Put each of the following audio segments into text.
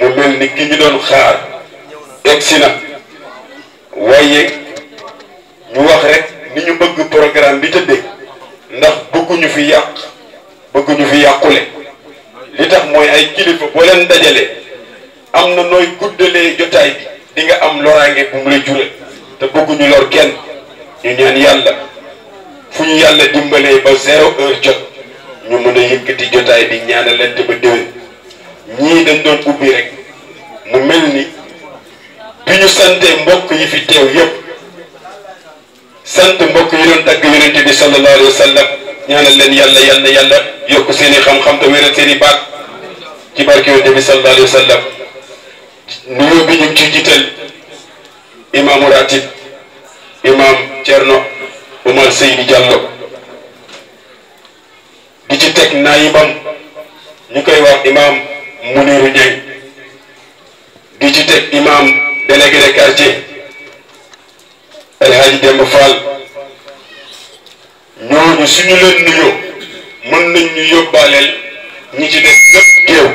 mu mel ni ki ñu doon xaar egsi na waaye ñu wax rek ni ñu bëgg programme bi tëddee ndax bëgguñu fi yàq bëgguñu fi yàqule li tax mooy ay kilifa boo leen dajale am na nooy guddalee jotaay bi di nga am loraange bu mu la jural te bëgguñu lor kenn ñu ñaan yàlla fu ñu yàlla dimbalee ba zéro heure jot ñu mën a yëkkati jotaay bi ñaanalante ba déwén. ñii dañ doon ubbi rek mu mel ni bi ñu santee mbokk yi fi teew yëpp sant mbokk yi doon dagg yonente bi sallallahu alayhi wa sallam ñaanal leen yàlla yàlla yàlla yokk seen i xam-xam te wéral seen baat ci barke yonente bi sallallahu alayhi wa sallam nuyoo bi ñu ciy jiital imaamu ratib imaam Thierno Oumar Seydi Diallo di ci teg naayibam ñu koy wax imaam Mounirou Dieng di ci teg imam délégué de quartier El Hadj Demba Fall ñooñu suñu leen nuyoo mën nañ ñu yóbbaaleel ñi ci des ñëpp géew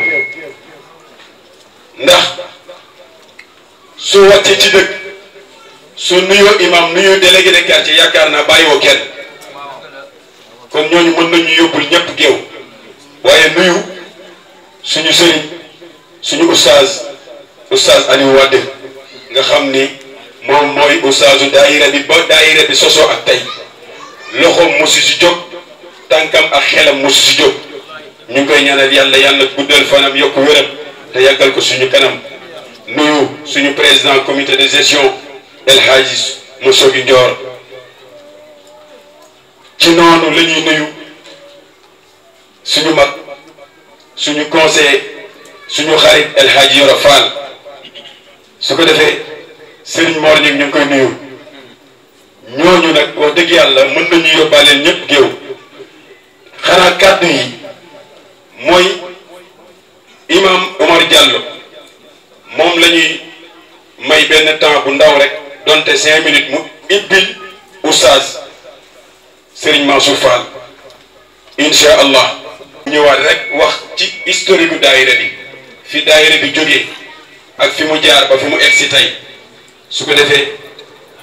ndax su wàccee ci dëkk su nuyoo imam nuyoo délégué de quartier yaakaar naa bàyyiwoo kenn kon ñooñu mën nañ ñu yóbbul ñëpp géew waaye nuyu. suñu sëriñ suñu oustaz oustaz Aliou Wade nga xam ni moom mooy oustaazu daayira bi ba daayira bi soso ak tey loxoom mosu si jóg ak xelam ñu koy président comité de gestion El Hajis, Monsieur ci noonu la ñuy nuyu suñu suñu conseil suñu xarit El Hadj Yoro Fall su ko defee Serigne Mor ñu ngi koy nuyu ñooñu nag wax yàlla mën nañu yóbbaale ñëpp géew xanaa kàddu yi mooy imam Omar Diallo moom lañuy may benn temps bu ndaw rek donte cinq minutes mu ibbil oustaz Serigne Mansour Fall incha allah. ñëwaat rek wax ci historique bu daayira bi fi daayira bi jóge ak fi mu jaar ba fi mu egg si tey su ko defee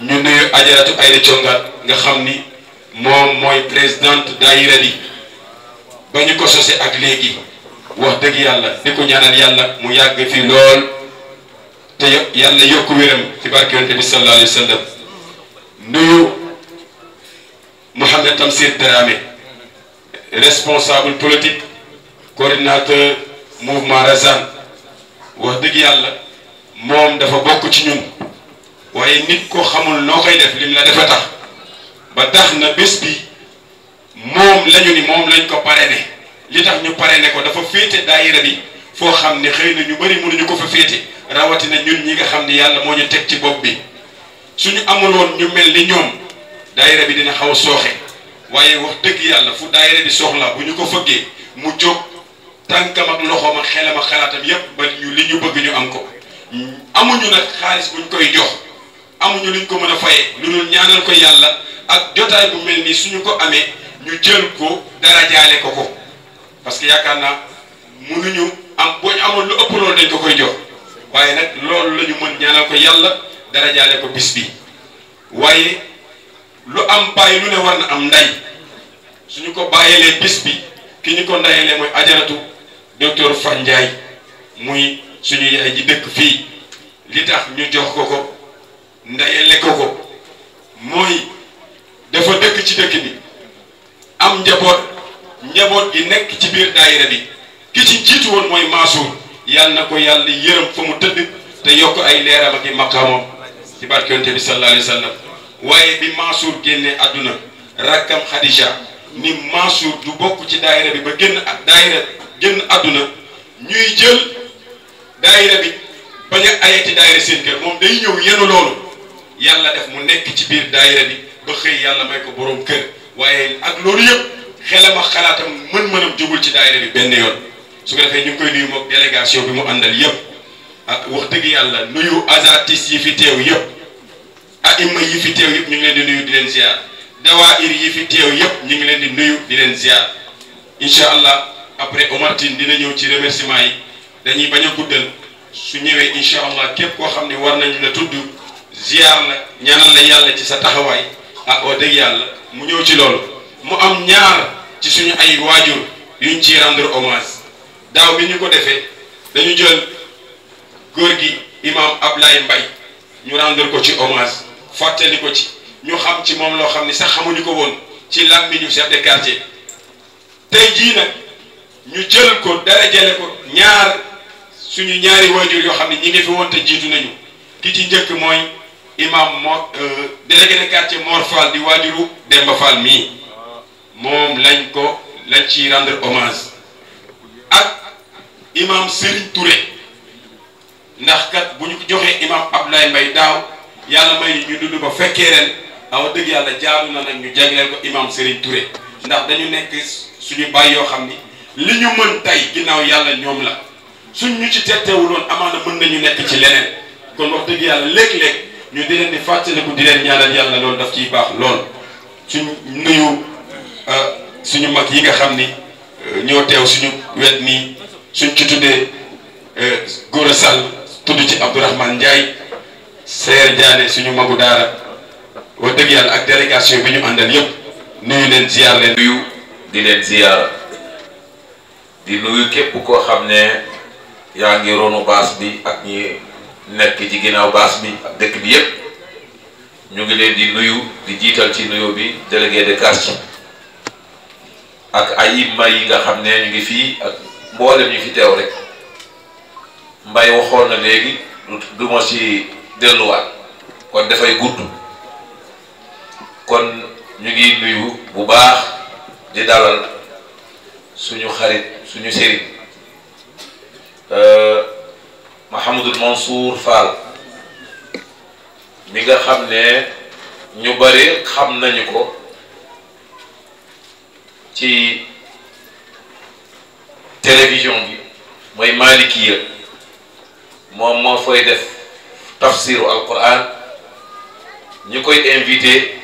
ñu nuyu ajaratu Ayda Congat nga xam ni moom mooy présidente daayira bi ba ñu ko sose ak léegi wax dëgg yàlla diku ko ñaanal yàlla mu yàgg fi lool te yàlla yokk wéram ci barke yonte bi sallallahu alayhi wa sallam nuyu Mouhamed Tamsir Dramé responsable politique coordinateur mouvement Razan wax dëgg yàlla moom dafa bokk ci ñun waaye nit ko xamul noo koy def lim la dafa tax ba tax na bés bi moom lañu ni moom lañ ko parrainé li tax ñu parrainé ko dafa féete daayira bi foo xam ni xëy na ñu bari mënuñu ko fa féete rawatina ñun ñi nga xam ni yàlla moo ñu teg ci bopp bi suñu amuloon ñu mel ni ñoom daayira bi dina xaw a sooxe waaye wax dëgg yàlla fu daayira bi soxla bu ñu ko fëggee mu jóg tànkam ak loxoom ak xelam ak xalaatam yépp ba ñu li ñu bëgg ñu am ko amuñu nag xaalis buñ koy jox amuñu luñ ko mën a fayee lu dul ñaanal ko yàlla ak jotaay bu mel nii suñu ko amee ñu jël ko dara jaale ko ko parce que yaakaar naa mënuñu am boo ñu amoon lu ëpp loolu dañ ko koy jox waaye nag loolu lañu mën ñaanal ko yàlla dara jaale ko bis bi waaye lu am bàyyi lu ne war na am nday suñu ko bàyyeelee bis bi ki ñu ko ndayelee mooy ajaratu docteur Fane Ndiaye muy suñu yaay ji dëkk fii li tax ñu jox ko ko ndayele ko ko mooy dafa dëkk ci dëkk bi am njaboot njaboot gi nekk ci biir daayira bi ki ci jiitu woon mooy Mansour yàlla na ko yàlla yërëm fa mu tëdd te yokk ay leeram ak i maqaamam ci barke yonte bi sallallahu alayhi wa waaye bi Mansour génnee àdduna rakkam Khadija ni Mansour du bokk ci daayira bi ba génn ak daayira génn àdduna ñuy jël daayira bi bañ a ayati daayira seen kër moom day ñëw yenu loolu yàlla def mu nekk ci biir daayira bi ba xëy yàlla may ko boroom kër waaye ak loolu yëpp xelam ak xalaatam mën-mënam jugul ci daayira bi benn yoon su ko defee ñu ngi koy nuyu mook délégation bi mu àndal yëpp ak wax dëgg yàlla nuyu artistes yi fi teew yëpp aima yi fi teew yëpp ñu ngi leen di nuyu di leen ziar dawaayir yi fi teew yëpp ñu ngi leen di nuyu di leen ziar incha allah après Omar Tine dina ñëw ci remerciement yi dañuy bañ a guddal su ñëwee incha allah képp koo xam ne war nañ la tudd ziar na ñaanal la yàlla ci sa taxawaay ak oo dëgg yàlla mu ñëw ci lool mu am ñaar ci suñu ay waajur yuñ ci rendre hommage daaw bi ñu ko defee dañu jël góor gi imam Ablaye Mbaye ñu rendre ko ci hommage fàttali ko ci ñu xam ci moom loo xam ni sax xamuñu ko woon ci làmmiñu chef de quartier tey jii nag ñu jël ko dara jële ko ñaar suñu ñaari waajur yoo xam ne ñi ngi fi woon te jiitu nañu ki ci njëkk mooy imam Mor euh, délégué de quartier Mor Fall di waajuru Demba Fall mii moom lañ ko lañ ci rendre hommage ak imam Serigne Touré ndax kat bu ñu ko joxee imam Abdoulaye Mbaye daaw. yàlla may ñu ñu dund ba fekkee ren awa dëgg yàlla jaadu na nag ñu jagleel ko imam Serigne Touré ndax dañu nekk suñu bàyyi yoo xam ni li ñu mën tey ginnaaw yàlla ñoom la suñ ñu ci tettewuloon amaana mën nañu nekk ci leneen kon wax dëgg yàlla léeg-léeg ñu di leen di fàttaliku di leen ñaanal yàlla loolu daf ciy baax lool suñ nuyu euh, suñu mag yi nga xam ni euh, ñoo teew suñu wet nii suñ ci tuddee euh, góor a sàll tudd ci Abdourahmane Ndiaye seer Diané suñu magu daara wax dëgg ak délégation bi ñu àndal yëpp nuyu leen ziar leen. nuyu di leen ziar di nuyu képp koo xam ne yaa ngi ronu baas bi ak ñi nekk ci ginnaaw baas bi ak dëkk bi yëpp ñu ngi leen di nuyu di jiital ci nuyu bi délégué de quartier ak ay mbay yi nga xam ne ñu ngi fii ak mboolem ñu fi teew rek mbay waxoon na léegi du ma si. delluwaat kon dafay gudd kon ñu ngi nuyu bu baax di dalal suñu xarit suñu sëriñ euh, Mahamadul Mansour Fall mi nga xam ne ñu bari xam nañu ko ci télévision bi mooy Malikiya moom moo fooy def tafsiru alquran ñi koy invité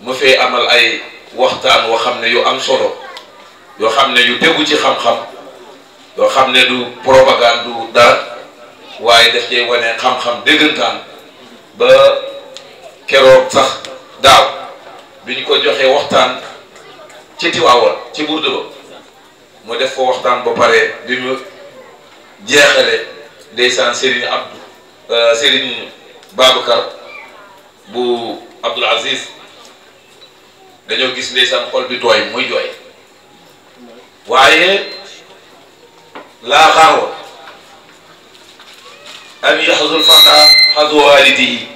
mu fee amal ay waxtaan woo xam ne yu am solo yoo xam ne yu tegu ci xam-xam yoo xam ne du propagande du waaye daf cee wane xam-xam dëggantaan ba keroog sax daaw bi ñu ko joxee waxtaan ci Tiwaawan ci burdu mu def ko waxtaan ba pare bi mu jeexale ndeysaan Serigne Abdou Euh, Serigne Babacar bu Abdoul Aziz dañoo gis ndeysaan xol bi tooy muy jooy waaye laa xarwa an yaxzul fata xazu waalidihi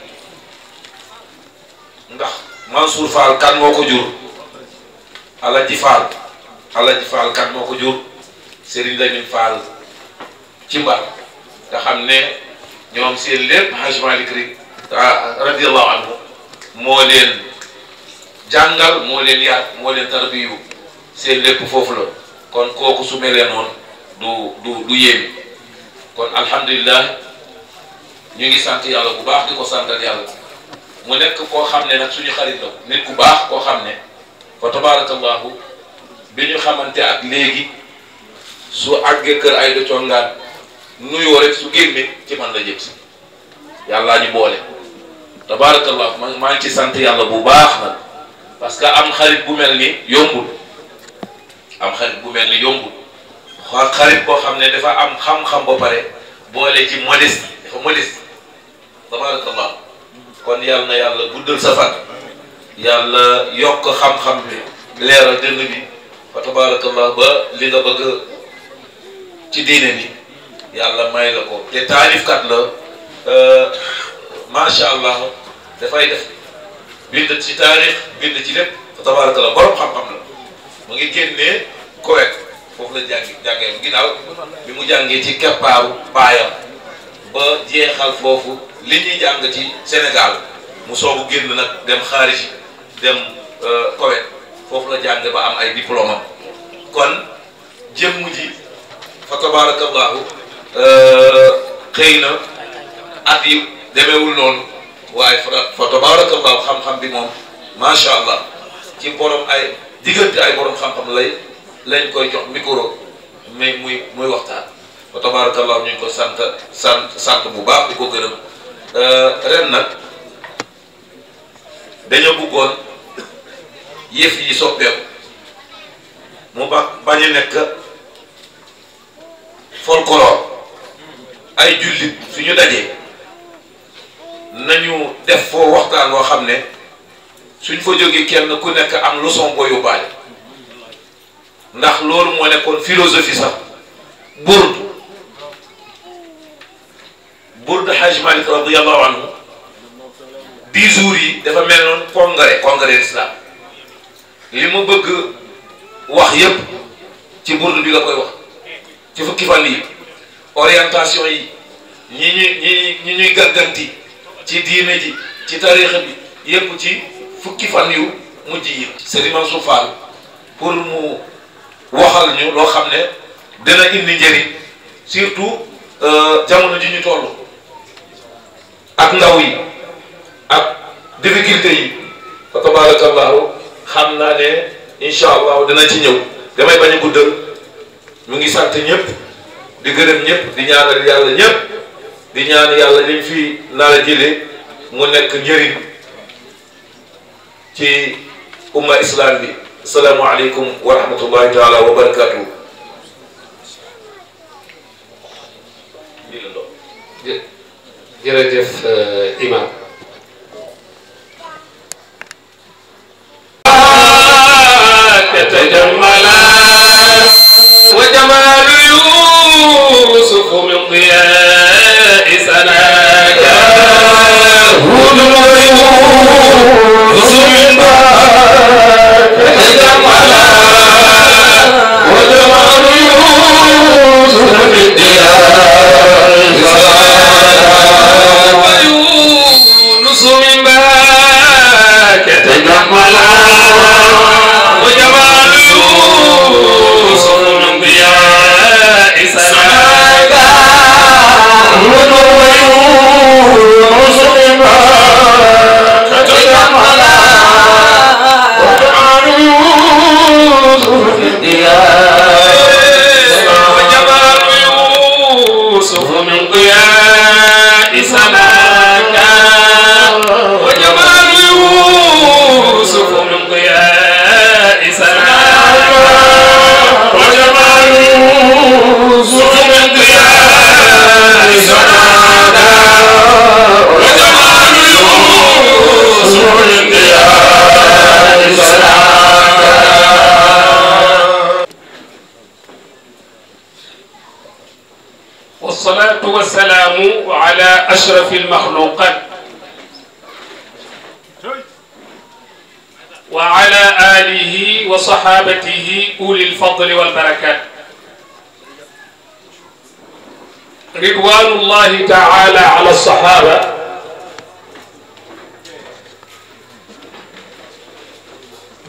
ndax Mansour Fall kan moo ko jur Alaji Fall Alaji Fall kan moo ko jur Serigne Lamine Fall ci mbar nga xam ne ñoom seen lépp Hajj Malik rek ah, radiyallahu anhu moo leen jàngal moo leen yar moo leen tarbiyu seen lépp foofu la kon kooku su melee noonu du du du yéemi kon alhamdulillah ñu ngi sant yàlla bu baax di ko santal yàlla mu nekk koo xam ne nag suñu xarit la nit ku baax koo xam ne fa tabarakallahu bi ñu xamante ak léegi su àggee kër ay da nuyoo rek su génne ci man la jëm si yàllaa ñu boole tabaarakallah man maa ngi ci sant yàlla bu baax nag parce que am xarit bu mel ni yombul am xarit bu mel ni yombul xarit boo xam ne dafa am xam-xam ba pare boole ci modeste dafa modeste tabaarakallah kon yàlla na yàlla guddal sa fan yàlla yokk xam-xam bi leeral dënn bi fa tabaarakallah ba li nga bëgg ci diine bi yàlla may la ko te taarifkat la euh, macha allah dafay def bind ci taarix bind ci lépp fa tabaraka la borom xam-xam la mu ngi génnee Koweït foofu la jàngi mu jàngee ci keppaaru baayam ba jeexal foofu li ñuy jàng ci Sénégal mu soobu génn nag dem xaarij dem euh, Koweït foofu la jàng ba am ay diplôme kon jëmm ji fa tabaraka allahu Euh, xëy na at yi demeewul noonu waaye fa tabarakallah xam-xam bi moom macha allah ci borom ay diggante ay borom xam-xam lay lañ koy jox micro mais muy muy waxtaan fa tabarakallah ñu ko sant sant sant bu baax di ko gërëm euh, ren nag dañoo bëggoon yëf yi soppeeku mu ba bañ nekk folklore ay jullit suñu dajee nañu def foo waxtaan woo xam ne suñ fa jógee kenn ku nekk am leçon boo yóbbaale ndax loolu moo nekkoon philosophie sax burd burd Hajj Malik radiyallahu anhu dix jours yi dafa meloon noonu congrès congrès li mu bëgg wax yépp ci burd bi la koy wax ci fukki fan yi orientation yi ñi ñuy ñi ñi ñuy gàgganti ci diine ji ci tariixa bi yépp ci fukki fan yu mujj yi Serigne Mansour Fall pour mu waxal ñu loo xam ne dina indi njëriñ surtout euh, jamono ji ñu toll ak ndaw yi ak difficulté yi fa tabarakallahu xam naa ne incha allahu dina ci ñëw damay bañ a mu ngi sant ñëpp di gërëm ñëpp di ñaanal yàlla ñëpp di ñaan yàlla liñ fi nar a mu nekk njëriñ ci umma islam bi salaamaaleykum wa rahmatullahi taala wa barakaatu. jërëjëf euh, imam الله تعالى على الصحابة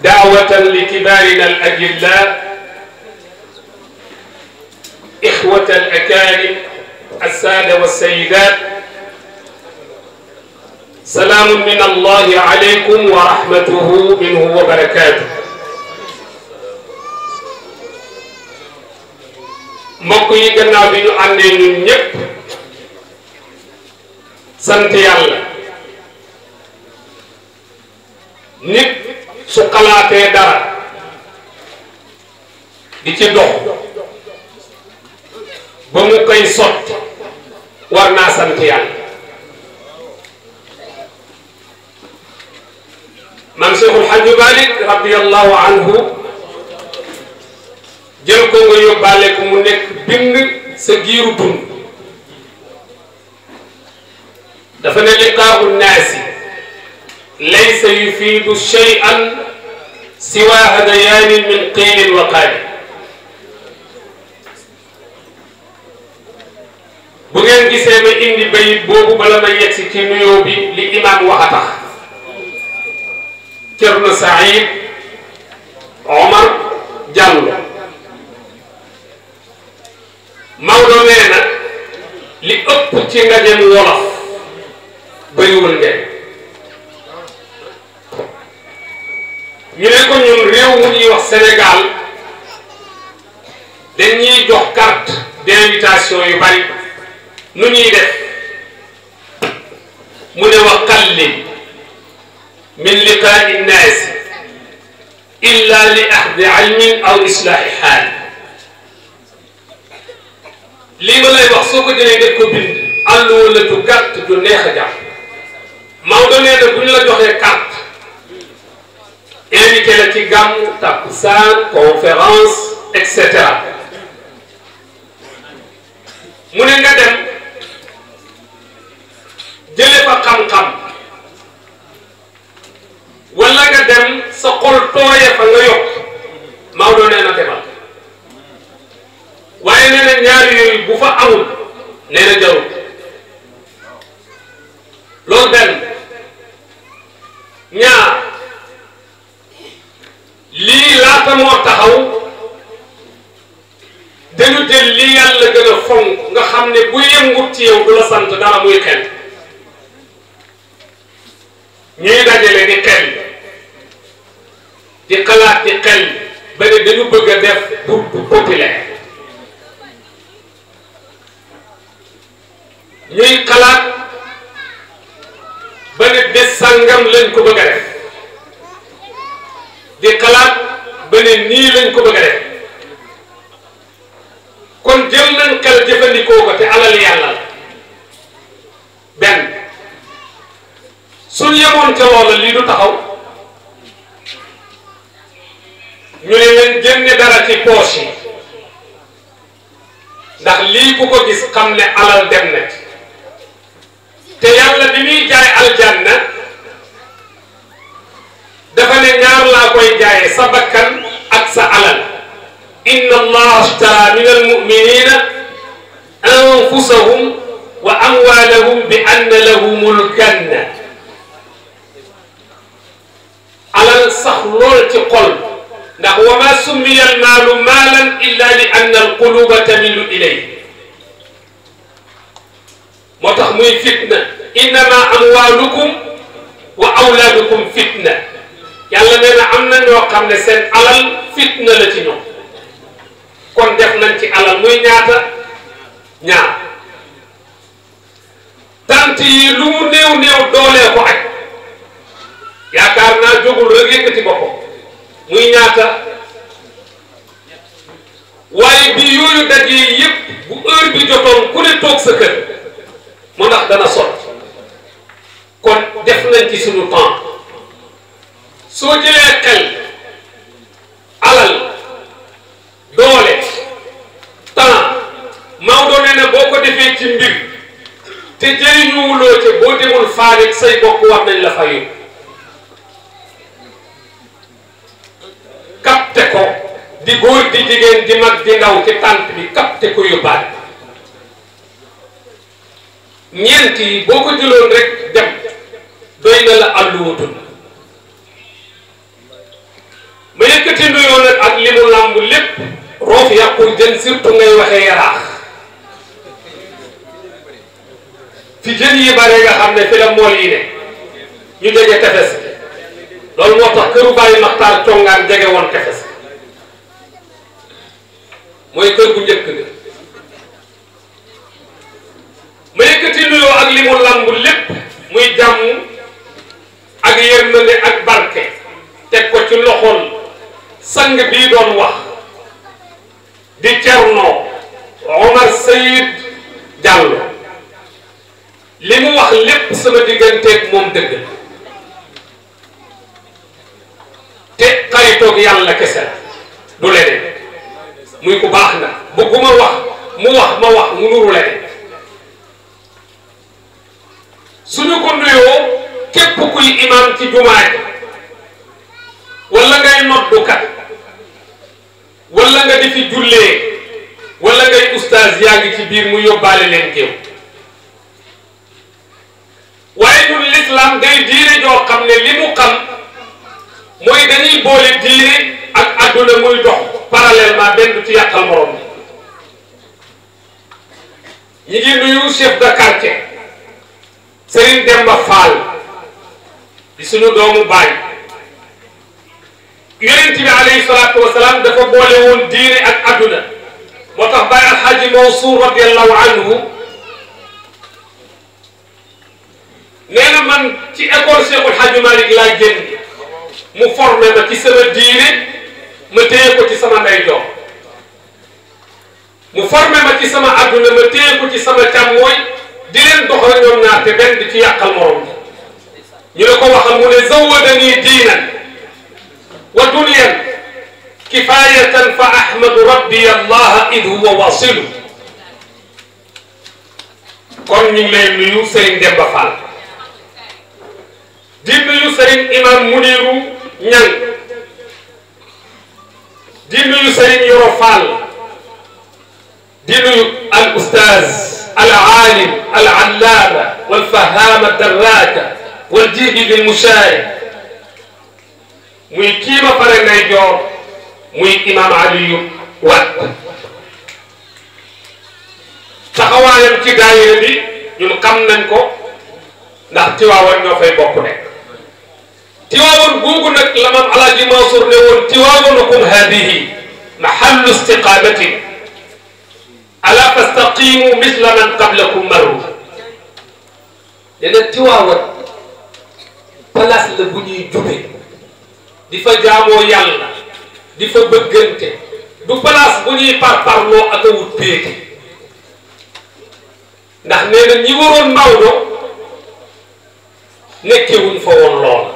دعوة لكبارنا الأجلاء إخوة الأكارم السادة والسيدات سلام من الله عليكم ورحمته منه وبركاته mbokk yi gannaaw bi نيب sant yàlla nit su xalaatee dara di ci dox ba mu koy sotti war naa sant yàlla maam Cheikhul radiyallahu anhu jël ko nga yóbbaale ko mu nekk bind sa giiru dund دفن لقاء الناس ليس يفيد شيئا سوى هديان من قيل وقال بغن غيسه ما اندي باي بوبو بلا ما يكسي كي بي لي امام كرن سعيد عمر جالو مولانا لي اوب تي ba ñu mën dem ñu ne ko ñun réew mu ñuy wax Sénégal dañuy jox carte d'invitation yu bari nu ñuy def mu ne wa qallil min liqaa'i nnaas illa li axdi ilmin aw islaahi xaal lii ma lay wax soo ko jëlee nga ko bind àll wala du gàtt du neex a jàpp Maodo nee de bu ñu la joxee carte invité la ci gàmmu takkusaan conférence et cetera mu ne nga dem jële fa xam-xam wala nga dem sa xol tooye fa nga yokk Maodo nee na demal waaye nee ñaar yooyu bu fa amul nee na jarul li yàlla gën a fonk nga xam ne bu yëngut ci yow du la sant dara muy xel ñuy dajale di xel di xalaat di xel ba ne dañu bëgg a def pour pour populaire ñuy xalaat ba ne bés sàngam lañ ko bëgg a def suñ yemoon ca li lii du taxaw ñu ne leen génne dara ci poche yi lii ku ko gis xam ne alal dem na te yàlla bi muy jaay aljanna dafa ne ñaar laa koy jaaye sa bakkan ak sa alal inna allaha ashtara min almuminina anfusahum wa amwalahum bi anna lahumul janna alal sax lool ci xol ndax wa ma summiya al maalu maalan illa li anna al quluba tamilu ilay moo tax muy fitna innama amwalukum wa awlaadukum fitna yàlla nee na am na ñoo xam ne seen alal fitna la ci ñoom kon def nañ ci alal muy ñaata ñaar tant yi lu yëkkati boppam muy ñaata waaye bi yooyu dajee yëpp bu heure bi jotoon ku ne toog sa kër mu ndax dana sot kon def nañ ci suñu temps soo jëlee xel alal doole temps Maodo nee na boo ko defee ci mbir te jëriñuwuloo ca boo demul faarek say bokk war nañ la fayu capte ko di góor di jigéen di mag di ndaw ci tànt bi capte ko yóbbaale ñeent yi boo ko jëloon rek dem doy na la àlluwatul ma yëkkati nuyoo ak li mu làmb lépp roof yàqul jën surtout ngay waxee yaraax fi jën yi bare nga xam ne fi la mool yi ne ñu jege tefes loolu moo tax këru bàyyi maxtaar congaan jege woon tefes mooy kër bu njëkk bi mu yëkkati nuyoo ak li mu lamb lépp muy jàmm ak yërmande ak barke teg ko ci loxol sang bii doon wax di Cerno Omar Sayid Diallo li mu wax lépp sama digganteeg moom dëgg la te xaritoog yàlla kese du leneen muy ku baax nga bëgguma wax mu wax ma wax mu nuru leneen suñu ko nuyoo képp kuy imaam ci jumaay wala ngay noddukat wala nga di jullee wala ngay ustaas yaa ngi ci biir mu yóbbaale leen kéew waaye ñun l'islam day diine joo xam ne li mu xam mooy dañuy boole diine ak adduna muy dox parallèlement benn du ci yàqal morom ñi ngi nuyu chef de quartier Serigne Demba Fall di suñu doomu baay yonent bi alayhi salaatu wasalaam dafa boole woon diine ak adduna moo tax Baay Alxaaji Mansuur radiyallahu anhu nee na man ci école Cheikhul Hadji Malick laa génn mu formé ma ci sama diine ma téye ko ci sama ndeyjoor mu formé ma ci sama ma téye ko ci sama càmmooñ di leen doxal ñoom ñaar te benn ko waxal mu ne zawadani wa dunyan kifayatan fa ahmadu rabbi allah id huwa wasilu kon ñu ngi lay nuyu Serigne Demba Fall di nuyu Serigne Yoro di nuyu al ustaaz al aalim al allaama wal fahaama darraaja wal jiidi lil mushaayix muy kii ba pare ngay joor muy imaam Aliyu Wat taxawaayam ci daayira bi ñun xam nañ ko ndax Tiwaawan ñoo fay bokk Tiwaawoon googu nag la maam Alaaji Mansour ne woon Tiwaawonukum haadihi mahallu istiqaamatin alaa fastaqiimu misla man qablakum maru nee na Tiwaawoon place la bu jube di fa jaamoo yàlla di fa bëggante du place bu ñuy parparloo ak a wut péete ndax nee na ñi waroon Maodo nekkewuñ fa woon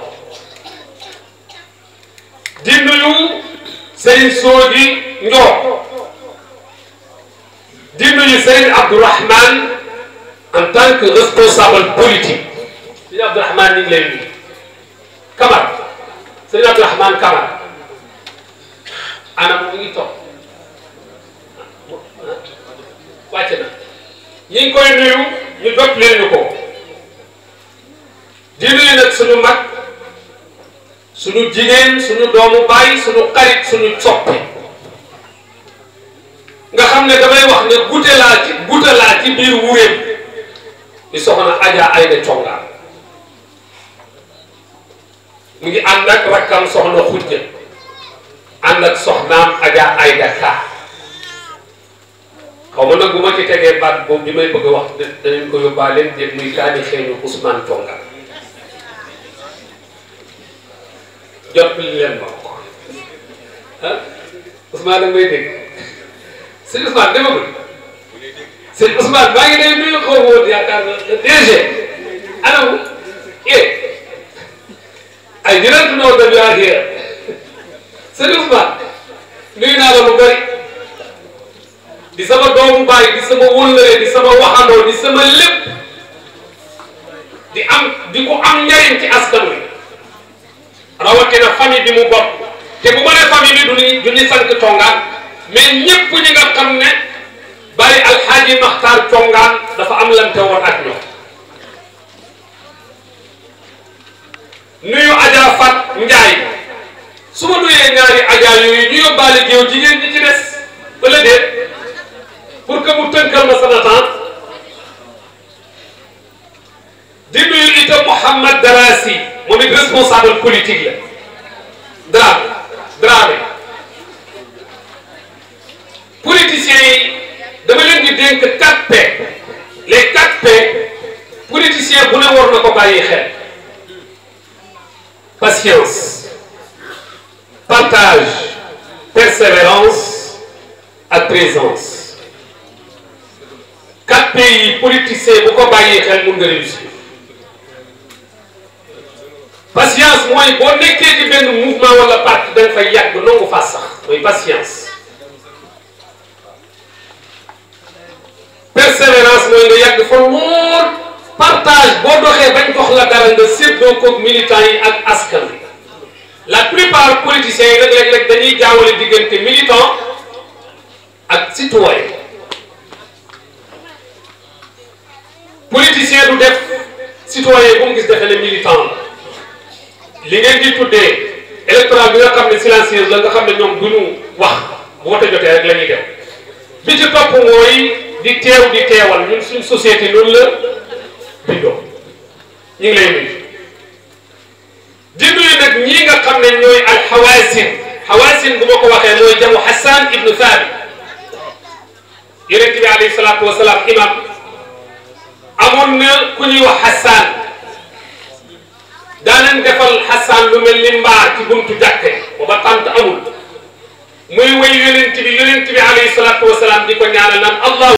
di nuyu Serigne Soogi Ndior di nuyu Serigne Abdourahman en tant responsable politique Serigne Abdourahman ñu ngi lay nuyu Kamara Serigne Abdourahman Kamara anam mu ngi toog wàcc na ñi koy nuyu ñu jot leen ko di nuyu nag suñu mag. suñu jigéen suñu doomu baay suñu xarit suñu soppi nga xam ne damay wax ne gute laa gute laa biir wuréem di soxna Adja Ayda Conga mu ngi ànd ak rakkam soxna xujja ànd ak soxnaam Adja Ayda Ka xaw ma nag bu ma ci tegee baat boobu bi may bëgg a wax danañ ko yóbbaale jël muy kaani xeeñu Ousmane Conga jot li leen ma ko ah Ousmane danga may dégg sëñ Ousmane demagul sëñ Ousmane maa ngi day nuyu xaw woon yaakaar na DG anamu eh ay jërëjëf noo doon yaa ngi yéex sëñ Ousmane nuyu naa la lu bëri di sama doomu baay di sama wëllëre di sama waxandoo di sama lépp di am di ko am njariñ ci askan wi. rawatina famille bi mu bokk te bu ma nee bi du ñu du ñu sant Tongaan mais ñëpp ñi nga xam ne bari alxaaji Maxtaar Tongaan dafa am lante woon ak ñoom. nuyu Adja Fat Njaay su ma nuyee ñaari Adja yooyu ñu yóbbaale géew jigéen ñi ci des mu tënkal ma sama di nuyu itam Mouhamad Darassi. mu nit responsable politique la Dramé Dramé politiciens yi dama leen di dénk 4 P les 4 P politicien bu ne war na ko Oui, patience. persévérance mooy nga yàgg fa muur partage bon doxee bañ dox la dara nga séddoo koog militants yi ak askan la plupart politiciens yi nag léeg-léeg dañuy jaawale diggante militant ak citoyen politicien du def citoyen bu mu gis defe ne militant li di électoral bi nga xam ne silencieuse la nga xam ne ñoom duñu wax bu wote jotee rek la ñuy dem bi di teew di teewal ñun suñ société ñu ngi lay nuyu di nuyu nag ñii nga xam ne ñooy al xawaasin xawaasin waxee mooy jamu Hassan ibnu Thaabit yonent bi alayhi salaatu wasalaam imam amoon na ku ñuy wax Hassan daanan defal xasaan lu mel ni mbaar ci buntu jàkke booba tant amul muy wéy yonent bi yonent bi alayhi salaatu wasalaam di ko ñaanal naan allah